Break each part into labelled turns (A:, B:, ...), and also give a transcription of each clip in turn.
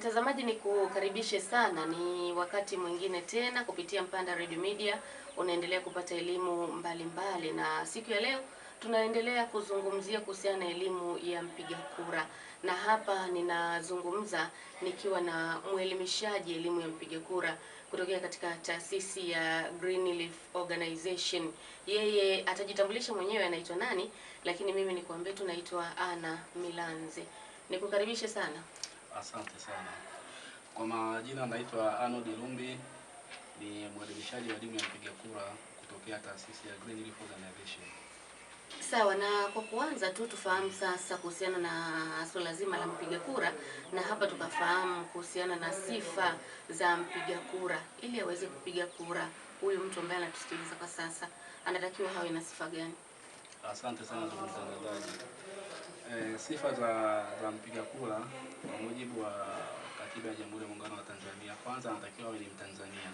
A: Mtazamaji, ni kukaribishe sana, ni wakati mwingine tena kupitia Mpanda Radio Media unaendelea kupata elimu mbalimbali mbali, na siku ya leo tunaendelea kuzungumzia kuhusiana na elimu ya mpiga kura, na hapa ninazungumza nikiwa na mwelimishaji elimu ya mpiga kura kutokea katika taasisi ya Greenleaf Organization. Yeye atajitambulisha mwenyewe anaitwa nani, lakini mimi nikwambie tu naitwa Ana Milanzi. Nikukaribishe sana.
B: Asante sana. Kwa majina naitwa Arnold Lumbi, ni mwelimishaji wa dini ya mpiga kura kutokea taasisi ya Green Leaf Organization.
A: Sawa, na kwa kuanza tu tufahamu sasa kuhusiana na swala zima la mpiga kura, na hapa tukafahamu kuhusiana na sifa za mpiga kura. Ili aweze kupiga kura, huyu mtu ambaye anatusikiliza kwa sasa anatakiwa hawe na sifa gani?
B: Asante sana ndugu mtangazaji. Sifa za, za mpiga kura kwa mujibu wa katiba ya Jamhuri ya Muungano wa Tanzania, kwanza anatakiwa awe ni Mtanzania,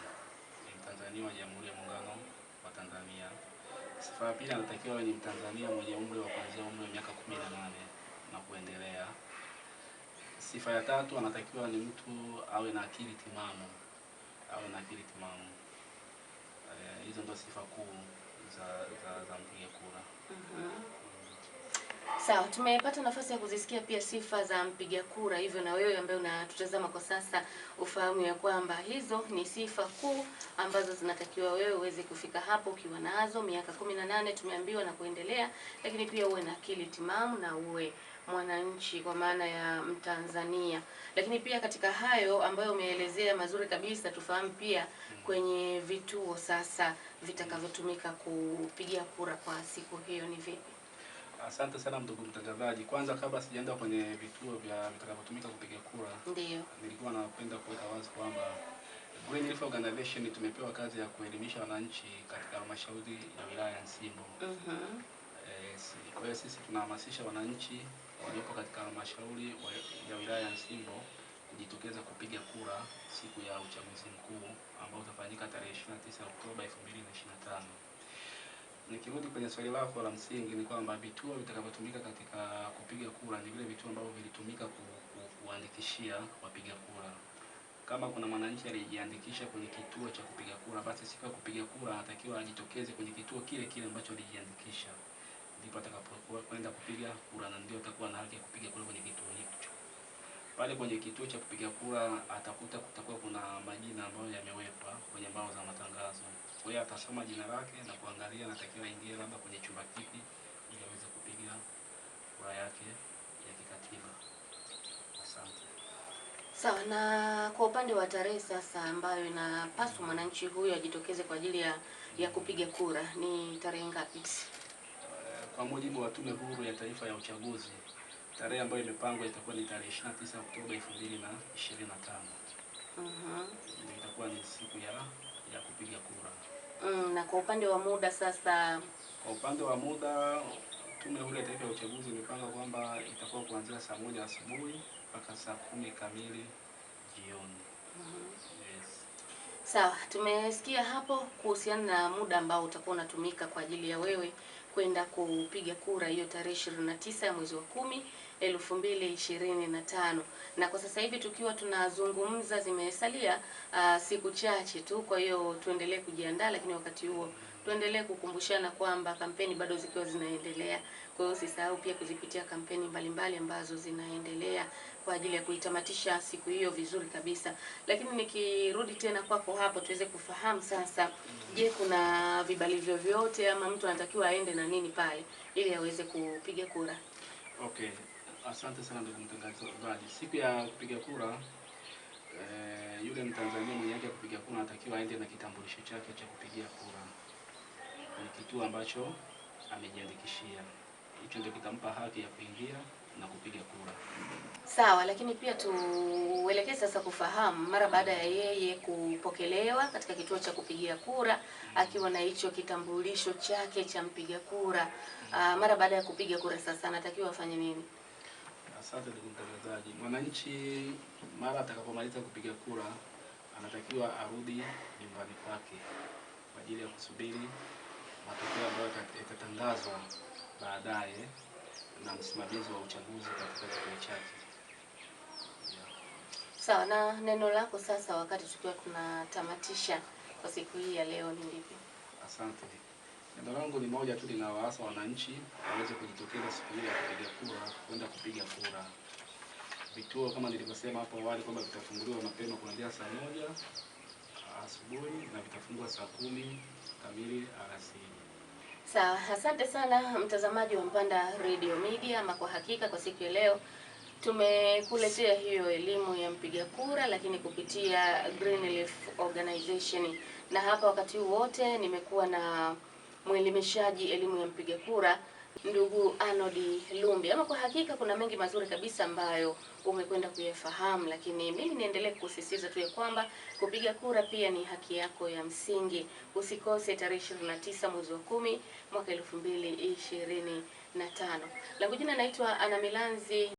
B: ni Mtanzania wa Jamhuri ya Muungano wa Tanzania. Sifa ya pili, anatakiwa awe ni Mtanzania mwenye umri wa kuanzia umri wa miaka kumi na nane na kuendelea. Sifa ya tatu, anatakiwa ni mtu awe na akili timamu, awe na akili timamu. Eh, hizo ndo ndio sifa kuu za, za, za mpiga kura.
A: Sawa, tumepata nafasi ya kuzisikia pia sifa za mpiga kura, hivyo na wewe ambaye unatutazama kwa sasa ufahamu ya kwamba hizo ni sifa kuu ambazo zinatakiwa wewe uweze kufika hapo ukiwa nazo, miaka 18 tumeambiwa na kuendelea, lakini pia uwe na akili timamu na uwe mwananchi kwa maana ya Mtanzania. Lakini pia katika hayo ambayo umeelezea mazuri kabisa, tufahamu pia kwenye vituo sasa vitakavyotumika kupigia kura kwa siku hiyo ni vipi?
B: Asante sana mdogo mtangazaji. Kwanza kabla sijaenda kwenye vituo vya vitakavyotumika kupiga kura,
A: ndio nilikuwa
B: napenda kuweka wazi kwamba Green Leaf Organization tumepewa kazi ya kuelimisha wananchi katika halmashauri ya wilaya ya Nsimbo. Mhm. -huh. Eh, e, si, kwa hiyo sisi tunahamasisha wananchi waliopo katika halmashauri ya wilaya ya Nsimbo kujitokeza kupiga kura siku ya uchaguzi mkuu ambao utafanyika tarehe 29 Oktoba 2025. Nikirudi kwenye swali lako la msingi ni kwamba vituo vitakavyotumika katika kupiga kura ni vile vituo ambavyo vilitumika ku, ku, kuandikishia wapiga kura. Kama kuna mwananchi alijiandikisha kwenye kituo cha kupiga kura, basi siku ya kupiga kura anatakiwa ajitokeze kwenye kituo kile kile ambacho alijiandikisha, ndipo atakapokuwa kwenda kupiga kura, na ndio atakuwa na haki ya kupiga kura kwenye kituo hicho. Pale kwenye kituo cha kupiga kura atakuta kutakuwa kuna majina ambayo yamewekwa kwenye mbao za matangazo kwa hiyo atasoma jina lake na kuangalia natakiwa ingie labda kwenye chumba kipi ili aweze kupiga kura yake ya kikatiba. Asante.
A: Sawa. Na kwa upande wa tarehe sasa ambayo inapaswa mwananchi huyu ajitokeze kwa ajili ya, ya kupiga kura ni tarehe ngapi? Eh,
B: kwa mujibu wa Tume Huru ya Taifa ya Uchaguzi, tarehe ambayo imepangwa itakuwa ni tarehe 29 Oktoba 2025. Mhm. Uh -huh. Itakuwa ni siku ya ya kupiga kura.
A: Mm, na kwa upande wa muda sasa,
B: kwa upande wa muda Tume Huru ya Taifa ya Uchaguzi imepanga kwamba itakuwa kuanzia saa moja asubuhi mpaka saa kumi kamili jioni. mm -hmm.
A: Yes. Sawa, tumesikia hapo kuhusiana na muda ambao utakuwa unatumika kwa ajili ya wewe kwenda kupiga kura hiyo tarehe 29 ya mwezi wa kumi elfu mbili ishirini na tano na kwa sasa hivi tukiwa tunazungumza zimesalia uh, siku chache tu. Kwa hiyo tuendelee kujiandaa, lakini wakati huo tuendelee kukumbushana kwamba kampeni bado zikiwa zinaendelea. Kwa hiyo usisahau pia kuzipitia kampeni mbalimbali ambazo zinaendelea kwa ajili ya kuitamatisha siku hiyo vizuri kabisa. Lakini nikirudi tena kwako hapo, tuweze kufahamu sasa, je, kuna vibali vyovyote ama mtu anatakiwa aende na nini pale ili aweze kupiga kura?
B: Okay. Asante sana ndugu mtangazaji. Siku ya kupiga kura eh, yule Mtanzania mwenye haki ya kupiga kura anatakiwa aende na kitambulisho chake cha kupigia kura kwenye kituo ambacho amejiandikishia. Hicho ndio kitampa haki ya kuingia na kupiga kura.
A: Sawa, lakini pia tuelekee sasa kufahamu mara baada ya yeye kupokelewa katika kituo cha kupigia kura akiwa na hicho kitambulisho chake cha mpiga kura. Mm-hmm. Ah, mara baada ya kupiga kura sasa anatakiwa afanye nini?
B: Asante ndugu mtangazaji. Mwananchi mara atakapomaliza kupiga kura anatakiwa arudi nyumbani kwake kwa ajili ya kusubiri matokeo ambayo yatatangazwa baadaye na msimamizi wa uchaguzi katika kituo chake.
A: Sawa, na neno lako sasa, wakati tukiwa tunatamatisha kwa siku hii ya leo ni lipi?
B: Asante. Neno langu ni moja tu, linawaasa wananchi waweze kujitokeza siku ya kupiga kura, kwenda kupiga kura. Vituo kama nilivyosema hapo awali kwamba vitafunguliwa mapema kuanzia saa moja asubuhi na vitafungwa saa kumi kamili alasiri.
A: Sawa, asante sana mtazamaji wa Mpanda Radio Media. Ama kwa hakika kwa siku ya leo tumekuletea hiyo elimu ya mpiga kura, lakini kupitia Greenleaf Organization, na hapa wakati wote nimekuwa na mwelimishaji elimu ya mpiga kura ndugu Arnold Lumbi. Ama kwa hakika kuna mengi mazuri kabisa ambayo umekwenda kuyafahamu, lakini mimi niendelee kusisitiza tu ya kwamba kupiga kura pia ni haki yako ya msingi. Usikose tarehe 29 mwezi wa kumi mwaka 2025. Langu jina naitwa Ana Milanzi.